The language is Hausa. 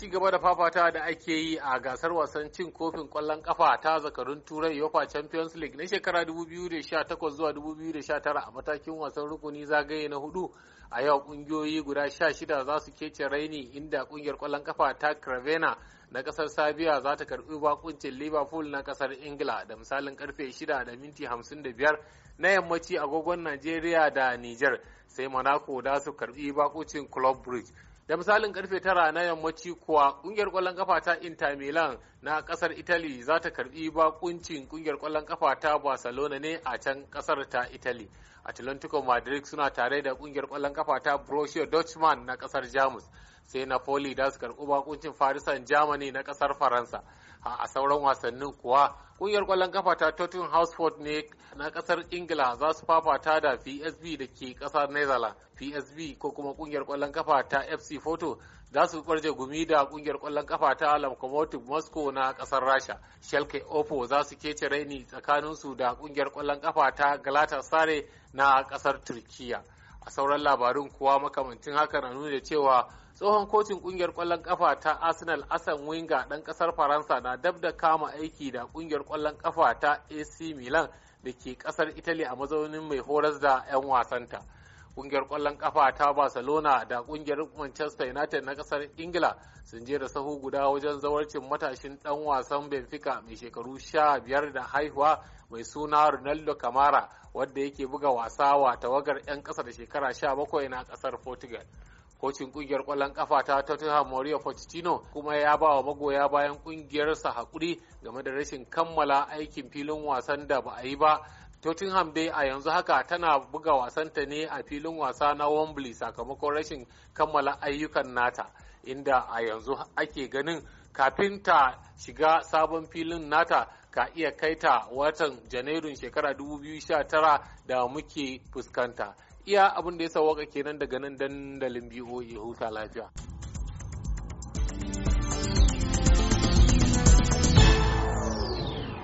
ci gaba da fafata da ake yi a gasar wasan cin kofin kwallon ƙafa ta zakarun turai yofa champions league na shekara 2018 zuwa 2019 a matakin wasan rukuni zagaye na hudu a yau ƙungiyoyi guda 16 za su kece raini inda ƙungiyar kwallon ƙafa ta cravena na kasar sabiya za ta karbi bakuncin liverpool na kasar ingila da misalin karfe 6 da minti 55 na yammaci agogon Najeriya da niger sai monaco da su karbi bakuncin club bridge da misalin karfe tara na yammaci kuwa kungiyar kwallon kafa ta inter milan na kasar italy za ta karbi bakuncin kungiyar kwallon kafa ta barcelona ne a can kasar ta italy atlantico madrid suna tare da kungiyar kwallon kafa ta borussia dortmund na kasar jamus sai napoli da su karbi bakuncin farisan saint germany na kasar faransa a sauran wasannin kuwa kungiyar kwallon kafa ta Tottenham Hotspur ne na kasar Ingila za su fafata da PSV da ke kasar Netherlands. PSV ko kuma kungiyar kwallon kafa ta FC Porto za su barje gumi da kungiyar kwallon kafa ta Lokomotiv Moscow na kasar Rasha. Schalke Opo za su kece raini tsakaninsu da kungiyar kwallon kafa ta Galatasaray na kasar Turkiyya. a sauran labarun kuwa makamancin haka na nuna cewa tsohon kocin kungiyar kwallon kafa ta arsenal asan winga dan kasar faransa na dab da kama aiki da kungiyar kwallon kafa ta ac milan da ke kasar italy a mazaunin mai horas da 'yan wasanta kungiyar kwallon kafa ta barcelona da kungiyar manchester united na kasar ingila sun je da sahu guda wajen zawarcin matashin dan wasan benfica mai shekaru sha biyar da haihuwa mai suna ronaldo camara wadda yake buga wasa wa tawagar 'yan kasa da shekara sha bakwai na kasar portugal kocin kungiyar kwallon kafa ta Tottenham maria Pochettino kuma ya ba wa magoya bayan kungiyarsa haƙuri game da rashin kammala aikin filin wasan da ba a yi ba Tottenham dai a yanzu haka tana buga wasanta ne a filin wasa na Wembley sakamakon rashin kammala ayyukan nata inda a yanzu ake ganin kafin ta shiga sabon filin nata ka iya kai ta watan janairun shekara 2019 da muke fuskanta iya abin da ya sauwaka kenan daga nan dandalin BOE huta lafiya.